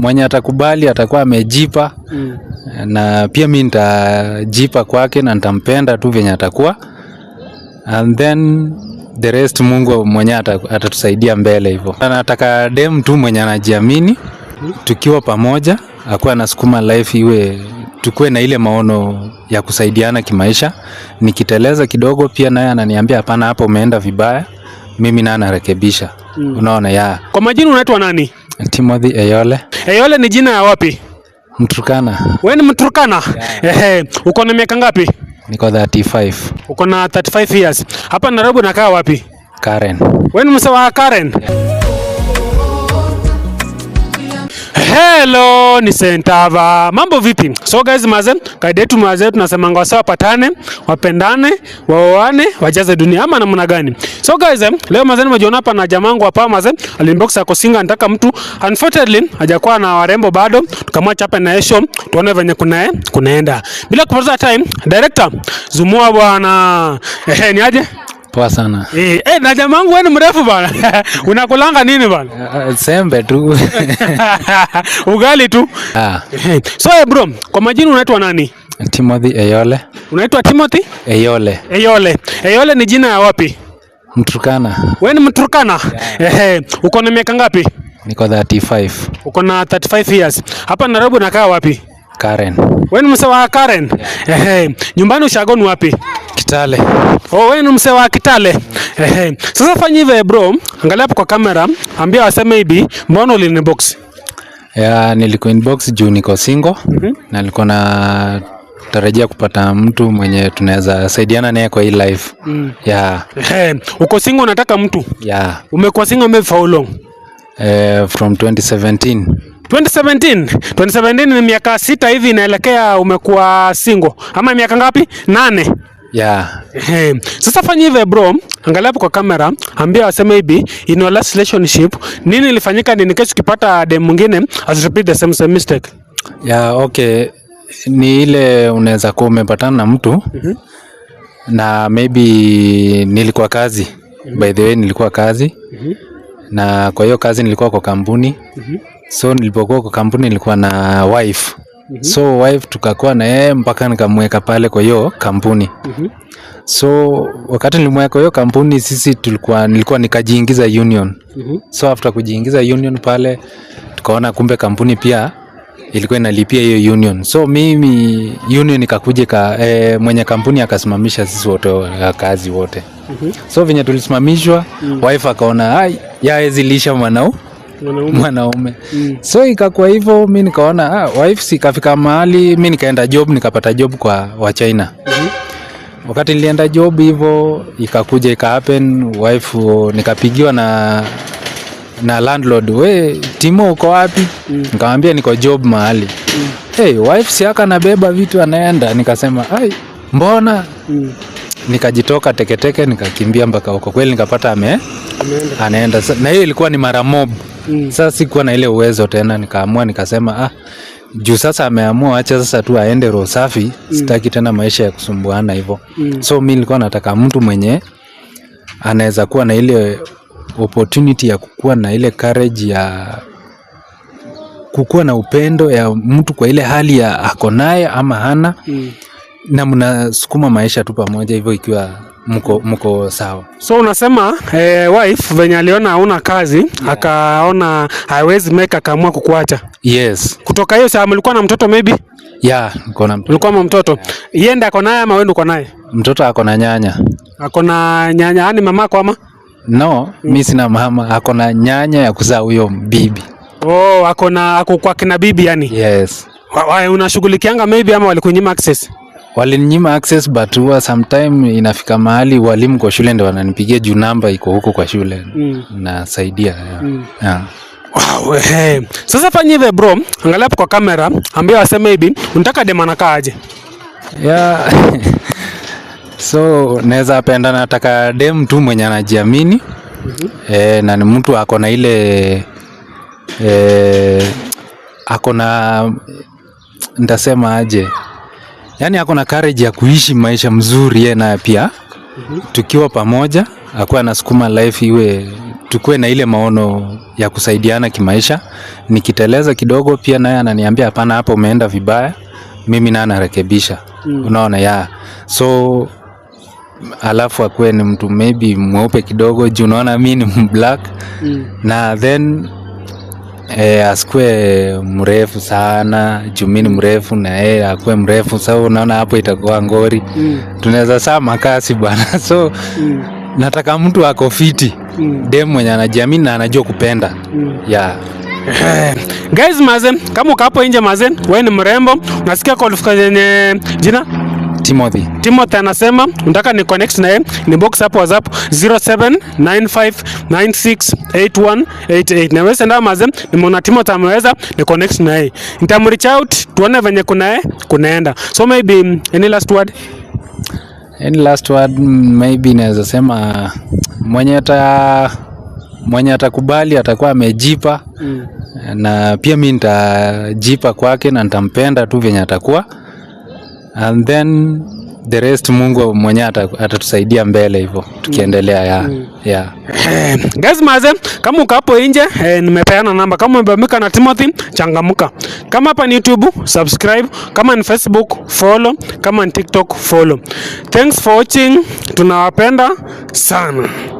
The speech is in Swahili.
mwenye atakubali atakuwa amejipa mm. na pia mi nitajipa kwake na nitampenda tu venye atakuwa and then the rest Mungu mwenye atatusaidia mbele hivyo. Nataka dem tu mwenye anajiamini, tukiwa pamoja akuwa anasukuma life iwe, tukuwe na ile maono ya kusaidiana kimaisha. Nikiteleza kidogo, pia naye ananiambia hapana, hapo umeenda vibaya, mimi naye anarekebisha mm. Unaona ya. Kwa majini unaitwa nani? Timothy Eyole. Eyole ni jina ya wapi? Mturkana. Wewe ni Mturkana? Yeah. Ehe. Uko na miaka ngapi? Niko 35. Uko na 35 years. Hapa Nairobi unakaa wapi? Karen. Wewe ni msawa wa Karen? Yeah. Hello, ni Sentava. Mambo vipi? So guys, maze, kaida yetu maze, tunasemanga wasa wapatane, wapendane, waoane, wajaze dunia ama namna gani? So guys, eh, leo maze nimejiona hapa na jamangu hapa maze, alinbox ako singa nataka mtu. Unfortunately, hajakuwa na warembo bado. Tukamwacha hapa na esho, tuone venye kuna eh, kunaenda. Bila kupoteza time, director, zumua bwana. Ehe, ni aje? Poa sana. Eh, eh na jamaa wangu wewe ni mrefu bana. Unakulanga nini bana? Uh, eh, eh, sembe tu. Ugali tu. Ah. So eh, bro, kwa majina unaitwa nani? Timothy Eyole. Unaitwa Timothy? Eyole. Eyole. Eyole ni jina ya wapi? Mturkana. Wewe ni Mturkana? Yeah. Eh, uko na miaka ngapi? Niko 35. Uko na 35 years. Hapa Nairobi unakaa wapi? Karen. Wewe ni msewa Karen? Yeah. Eh, nyumbani ushago wapi? Kitale. Oh, wewe ni mse wa Kitale. Ehe. Sasa fanya hivi bro, angalia hapo kwa kamera, ambia waseme hivi, mbona ulinibox? Ya, niliku inbox juu niko single mm -hmm. na nilikuwa na tarajia kupata mtu mwenye tunaweza saidiana naye kwa hii life. Mm. Yeah. Ehe. Uko single unataka mtu? Ya. Umekuwa single maybe for how long? Eh, from 2017. 2017. 2017 ni miaka sita hivi inaelekea umekuwa single. Ama miaka ngapi? Nane. Yeah. Hey, sasa fanya hivi bro, angalia hapo kwa kamera, ambia waseme hivi in your last relationship nini ilifanyika nini kesho ukipata dem mwingine repeat the same same mistake. Yeah, okay. Ni ile unaweza kuwa umepatana na mtu mm -hmm. na maybe nilikuwa kazi mm -hmm. by the way nilikuwa kazi mm -hmm. na kwa hiyo kazi nilikuwa kwa kampuni mm -hmm. so nilipokuwa kwa kampuni nilikuwa na wife -hmm. So wife tukakuwa na yeye mpaka nikamweka pale kwa hiyo kampuni mm -hmm. So wakati nilimweka hiyo kampuni sisi tulikuwa, nilikuwa nikajiingiza union mm -hmm. So after kujiingiza union pale tukaona kumbe kampuni pia ilikuwa inalipia hiyo union. So mimi union ikakuja ka, e, mwenye kampuni akasimamisha sisi wote kazi wote mm -hmm. So venye tulisimamishwa mm -hmm. Wife akaona ai yawezi lisha mwanao mwanaume mm. So ikakuwa hivyo, mi nikaona ah, wife ikafika mahali mi nikaenda job, nikapata job kwa wa China mm -hmm. Wakati nilienda job hivyo ikakuja ika happen wife, nikapigiwa na na landlord, we Timo, uko wapi? mm. Nikamwambia niko job mahali mm. Hey, wife si aka nabeba vitu anaenda, nikasema ai, mbona mm. Nikajitoka teketeke nikakimbia mpaka huko, kweli nikapata ame anaenda na hiyo ilikuwa ni mara mob Mm. Sasa sikuwa na ile uwezo tena, nikaamua nikasema, ah, juu sasa ameamua, acha sasa tu aende roho safi. Mm. Sitaki tena maisha ya kusumbuana hivyo. Mm. So mi nilikuwa nataka mtu mwenye anaweza kuwa na ile opportunity ya kukuwa na ile courage ya kukuwa na upendo ya mtu kwa ile hali ya ako naye ama hana. Mm. na mnasukuma maisha tu pamoja hivyo ikiwa mko, mko sawa. So unasema eh, wife venye aliona hauna kazi yeah. Akaona hawezi make akaamua kukuacha. Yes. Kutoka hiyo saa mlikuwa na mtoto maybe? Yeah, niko na mtoto. Ulikuwa na mtoto. Yeye yeah. Ndiye ako naye ama wewe uko naye? Mtoto ako na nyanya. Ako na nyanya, yani mama mamako ama? No, mm. Mimi sina mama, ako na nyanya ya kuzaa huyo bibi. Oh, ako na ako kwa kina bibi yani? Yes. Wewe Unashughulikianga maybe ama walikunyima access? walinyima access but huwa sometime inafika mahali walimu kwa shule ndio wananipigia juu namba iko huko kwa shule mm. nasaidia yeah. Mm. Yeah. Wow, hey. Sasa fanya hivi bro, angalia hapo kwa kamera, ambia waseme hivi, unataka demanaka aje? Yeah. so naweza penda, nataka dem tu mwenye anajiamini mm -hmm. Eh, na ni mtu ako na ile eh, ako na ntasema aje yani ako na courage ya kuishi maisha mzuri yeye naye pia mm -hmm. Tukiwa pamoja akuwa anasukuma life iwe, tukuwe na ile maono ya kusaidiana kimaisha. Nikiteleza kidogo, pia naye ananiambia hapana, hapa umeenda vibaya, mimi naye anarekebisha mm. Unaona ya so alafu akuwe ni mtu maybe mweupe kidogo juu unaona mi ni black mm. na then E, asikue mrefu sana jumini mrefu na yeye akuwe mrefu. Sasa unaona hapo itakuwa ngori mm. Tunaweza saa makasi bwana so mm. Nataka mtu ako fiti mm. Dem mwenye anajiamini na anajua kupenda mm. yeah. Guys, mazen kama ukapo nje mazen, wewe ni mrembo, unasikia qualification eh, jina Timothy. Timothy anasema nataka ni connect na yeye, ni box hapo WhatsApp 0795968188. Na wewe ndio maze, nimeona Timothy ameweza ni connect na yeye. reach out tuone venye kuna yeye kunaenda. So maybe any last word? Any last word maybe naweza sema mwenye ata mwenye atakubali atakuwa amejipa mm. Na pia mimi nitajipa kwake na nitampenda tu venye atakuwa mm and then the rest Mungu mwenyewe atatusaidia mbele hivyo tukiendelea ya mm. yeah. Guys maze, kama uko hapo nje eh, nimepeana namba. Kama umebambika na Timothy, changamuka. Kama hapa ni YouTube, subscribe. Kama ni Facebook, follow. Kama ni TikTok, follow. Thanks for watching. Tunawapenda sana.